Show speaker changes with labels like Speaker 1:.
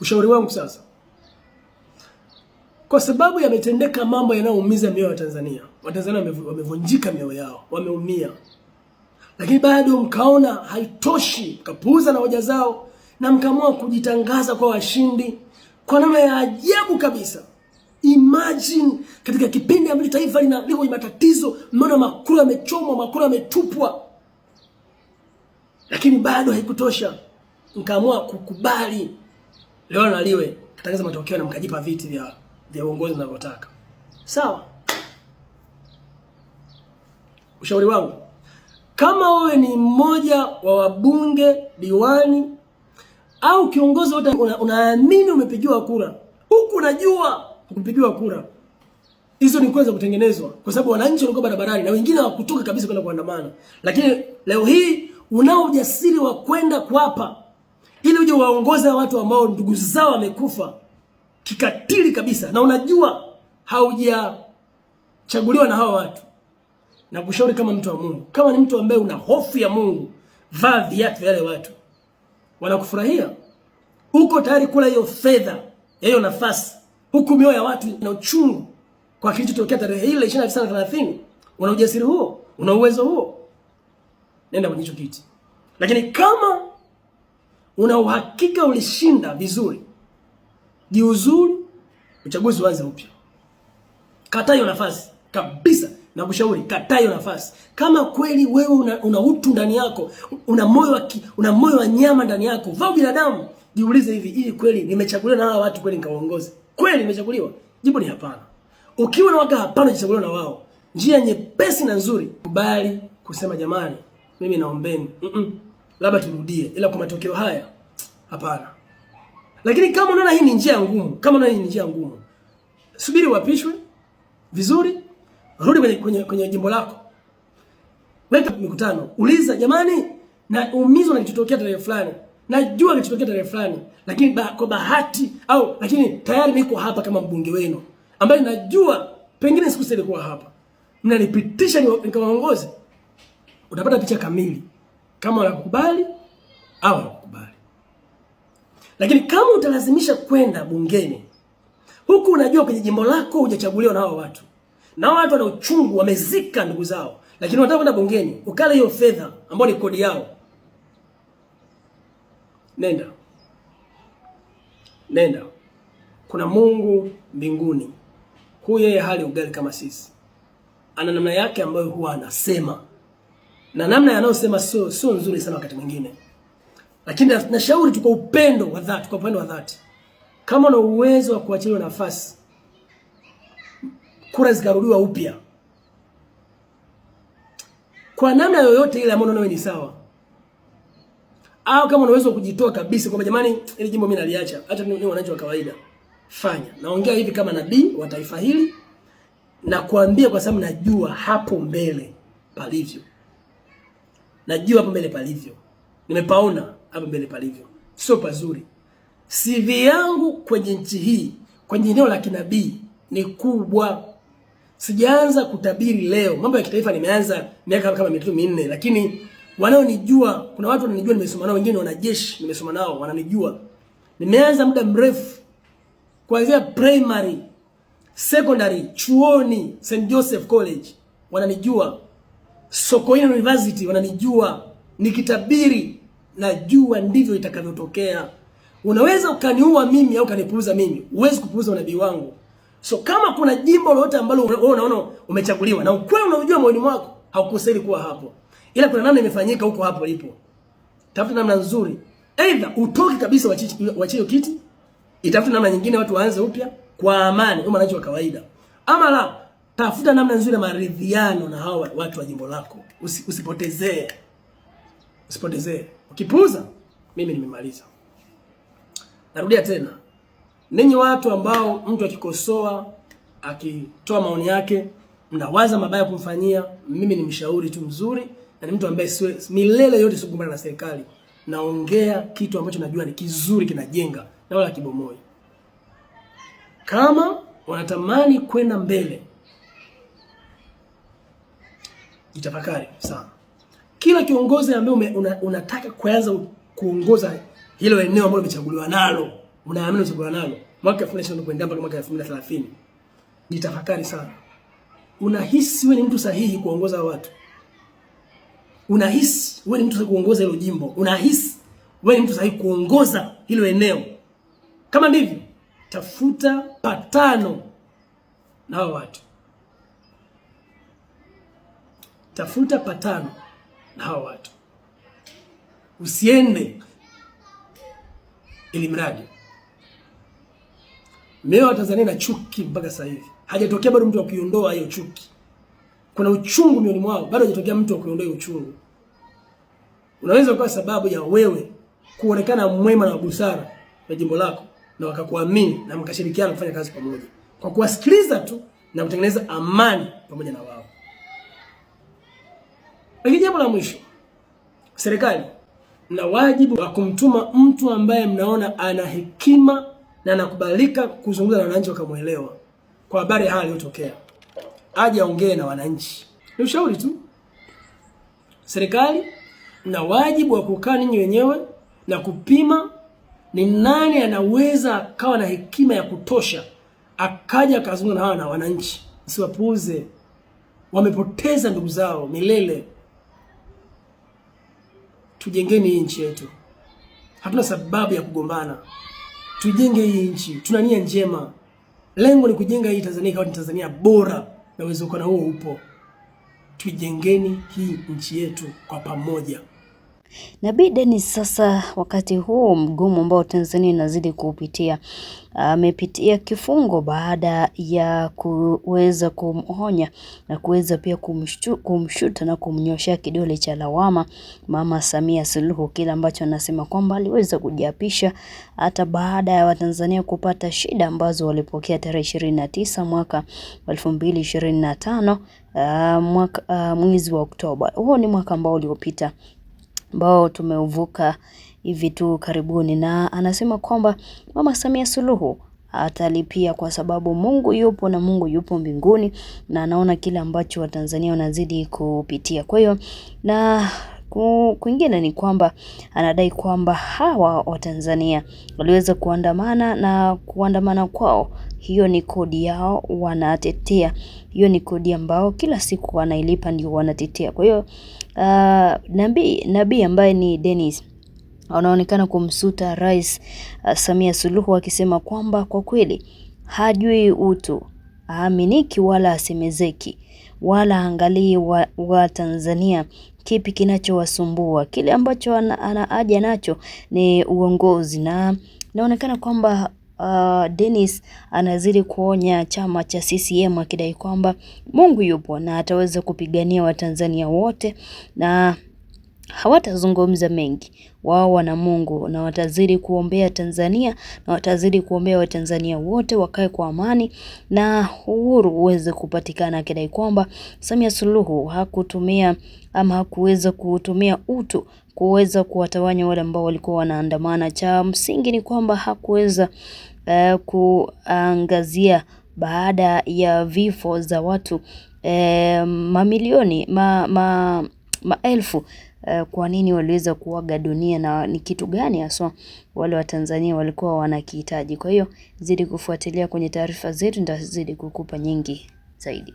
Speaker 1: Ushauri wangu sasa, kwa sababu yametendeka mambo yanayoumiza mioyo ya Tanzania, Watanzania wamevunjika mioyo yao, wameumia, lakini bado mkaona haitoshi, mkapuuza na hoja zao na mkaamua kujitangaza kwa washindi kwa namna ya ajabu kabisa. Imagine katika kipindi ambacho taifa lina liko kwenye matatizo, mmeona makuru yamechomwa, makuru yametupwa, lakini bado haikutosha, mkaamua kukubali Leo Naliwe tangaza matokeo na mkajipa viti vya vya uongozi mnavyotaka. Sawa? Ushauri wangu kama wewe ni mmoja wa wabunge, diwani au kiongozi wote unaamini una umepigiwa kura huku, unajua kupigiwa kura hizo ni kwanza kutengenezwa, kwa sababu wananchi walikuwa barabarani na wengine hawakutoka kabisa kwenda kuandamana, lakini leo hii unao ujasiri wa kwenda kuapa ili uje waongoze watu ambao ndugu zao wamekufa kikatili kabisa, na unajua haujachaguliwa na hawa watu. Na kushauri kama mtu wa Mungu, kama ni mtu ambaye una hofu ya Mungu, vaa viatu vya wale watu wanakufurahia, uko tayari kula hiyo fedha ya hiyo nafasi, huku mioyo ya watu na uchungu kwa kilichotokea tarehe ile 29 30. Una ujasiri huo? Una uwezo huo? Nenda kwenye hicho kiti. Lakini kama una uhakika ulishinda vizuri, jiuzuru, uchaguzi uanze upya. Kataa hiyo nafasi kabisa. Nakushauri, kataa hiyo nafasi. Kama kweli wewe una, una utu ndani yako, una moyo wa una moyo wa nyama ndani yako, vao binadamu, jiulize hivi, ili kweli nimechaguliwa na hawa watu kweli nikaongoze? Kweli nimechaguliwa? Jibu ni hapana. Ukiwa na waka hapana, jichaguliwa na wao. Njia nyepesi na nzuri, kubali kusema jamani, mimi naombeni. Mm -mm labda turudie, ila kwa matokeo haya hapana. Lakini kama unaona hii ni njia ngumu, kama unaona hii ni njia ngumu, subiri uapishwe vizuri, rudi kwenye, kwenye, kwenye jimbo lako, weka mikutano, uliza jamani, na umizwa na kitotokea tarehe fulani najua kilichotokea tarehe fulani, lakini ba, kwa bahati au lakini tayari niko hapa kama mbunge wenu ambaye najua pengine siku sasa hapa, mnanipitisha nikawaongoze, utapata picha kamili kama wanakubali au hawakubali. Lakini kama utalazimisha kwenda bungeni huku unajua kwenye jimbo lako hujachaguliwa na hao watu, na watu wana uchungu, wamezika ndugu zao, lakini wanataka kwenda bungeni ukale hiyo fedha ambayo ni kodi yao, nenda nenda, kuna Mungu mbinguni. Huyu yeye hali ugali kama sisi, ana namna yake ambayo huwa anasema na namna yanayosema sio sio nzuri sana wakati mwingine, lakini nashauri tu kwa upendo wa dhati, kwa upendo wa dhati, kama una uwezo wa kuachiliwa nafasi, kura zikarudiwa upya kwa namna yoyote ile ambayo unaona ni sawa, au kama unaweza kujitoa kabisa kwamba jamani, ili jimbo mimi naliacha, hata ni, ni wananchi wa kawaida, fanya. Naongea hivi kama nabii wa taifa hili na kuambia, kwa sababu najua hapo mbele palivyo. Najua hapa mbele palivyo, nimepaona hapa mbele palivyo, sio pazuri. CV yangu kwenye nchi hii, kwenye eneo la kinabii ni kubwa. Sijaanza kutabiri leo, mambo ya kitaifa nimeanza miaka kama mitatu minne, lakini wanaonijua, kuna watu wananijua, nimesoma nao, wengine wanajeshi nimesoma nao, wananijua. Nimeanza muda mrefu, kuanzia primary, secondary, chuoni St Joseph College, wananijua Sokoine University wananijua, nikitabiri najua ndivyo itakavyotokea. Unaweza ukaniua mimi au ukanipuuza mimi, huwezi kupuuza unabii wangu. So kama kuna jimbo lolote ambalo wewe unaona umechaguliwa na ukweli unaojua moyoni mwako haukustahili kuwa hapo, ila kuna namna imefanyika huko hapo lipo, tafuta namna nzuri, aidha utoke kabisa, wachie kiti, itafuta namna nyingine, watu waanze upya kwa amani, kama anacho kawaida, ama la Tafuta namna nzuri ya maridhiano na hawa watu wa jimbo lako, usipotezee, usipotezee. Ukipuuza mimi nimemaliza. Narudia tena, ninyi watu ambao mtu akikosoa akitoa maoni yake mnawaza mabaya kumfanyia, mimi ni mshauri tu mzuri na ni mtu ambaye siwe milele yote sikumbana na serikali. Naongea kitu ambacho najua ni kizuri, kinajenga na wala kibomoi. Kama wanatamani kwenda mbele jitafakari sana. Kila kiongozi ambaye unataka una, kuanza kuongoza hilo eneo ambalo umechaguliwa nalo, unaamini umechaguliwa nalo mwaka 2025 kuendelea mpaka mwaka 2030, jitafakari sana. Unahisi wewe ni mtu sahihi kuongoza watu? Unahisi wewe ni mtu sahihi kuongoza hilo jimbo? Unahisi wewe ni mtu sahihi kuongoza hilo eneo? Kama ndivyo, tafuta patano na watu tafuta patano na hawa watu, usiende ili mradi. Meya wa Tanzania na chuki mpaka sasa hivi hajatokea bado mtu wa kuiondoa hiyo chuki. Kuna uchungu mioni mwao, bado hajatokea mtu wa kuiondoa hiyo uchungu. Unaweza ukawa sababu ya wewe kuonekana mwema na busara na jimbo lako na wakakuamini na mkashirikiana kufanya kazi pamoja kwa kuwasikiliza tu na kutengeneza amani pamoja na wao. Lakini jambo la mwisho, serikali na wajibu wa kumtuma mtu ambaye mnaona ana hekima na anakubalika kuzungumza na wananchi wakamwelewa kwa habari ya haya yaliyotokea, aje aongee na wananchi. Ni ushauri tu. Serikali na wajibu wa kukaa ninyi wenyewe na kupima ni nani anaweza akawa na hekima ya kutosha akaja akazungumza na hawa na wananchi. Msiwapuuze, wamepoteza ndugu zao milele tujengeni hii nchi yetu. Hatuna sababu ya kugombana, tujenge hii nchi, tuna nia njema, lengo ni kujenga hii Tanzania ikawa ni Tanzania bora, na na huo upo. tujengeni hii nchi yetu kwa pamoja.
Speaker 2: Nabii Denis sasa wakati huu mgumu ambao Tanzania inazidi kuupitia, amepitia kifungo baada ya kuweza kumhonya na kuweza pia kumshu, kumshuta na kumnyoshea kidole cha lawama Mama Samia Suluhu, kile ambacho anasema kwamba aliweza kujiapisha hata baada ya Watanzania kupata shida ambazo walipokea tarehe ishirini na tisa mwaka elfu mbili ishirini na tano ah, ah, mwezi wa Oktoba. Huo ni mwaka ambao uliopita ambao tumeuvuka hivi tu karibuni, na anasema kwamba Mama Samia Suluhu atalipia kwa sababu Mungu yupo na Mungu yupo mbinguni na anaona kile ambacho Watanzania wanazidi kupitia. Kwa hiyo na kwingine ni kwamba anadai kwamba hawa Watanzania waliweza kuandamana na kuandamana kwao, hiyo ni kodi yao wanatetea, hiyo ni kodi ambao kila siku wanailipa ndio wanatetea. Kwa hiyo Uh, nabii ambaye ni Dennis anaonekana kumsuta rais uh, Samia Suluhu akisema kwamba kwa kweli hajui utu, aaminiki wala asemezeki wala wa tanzania kipi kinachowasumbua. Kile ambacho ana haja nacho ni uongozi na inaonekana kwamba uh, Dennis anazidi kuonya chama cha CCM akidai kwamba Mungu yupo na ataweza kupigania Watanzania wote na hawatazungumza mengi wao wana Mungu na watazidi kuombea Tanzania na watazidi kuombea Watanzania wote wakae kwa amani na uhuru uweze kupatikana, akidai kwamba Samia Suluhu hakutumia ama hakuweza kutumia utu kuweza kuwatawanya wale ambao walikuwa wanaandamana. Cha msingi ni kwamba hakuweza uh, kuangazia baada ya vifo za watu uh, mamilioni ma, ma, maelfu Eh, kwa nini waliweza kuaga dunia na ni kitu gani haswa wale Watanzania walikuwa wanakihitaji. Kwa hiyo zidi kufuatilia kwenye taarifa zetu, nitazidi kukupa nyingi zaidi.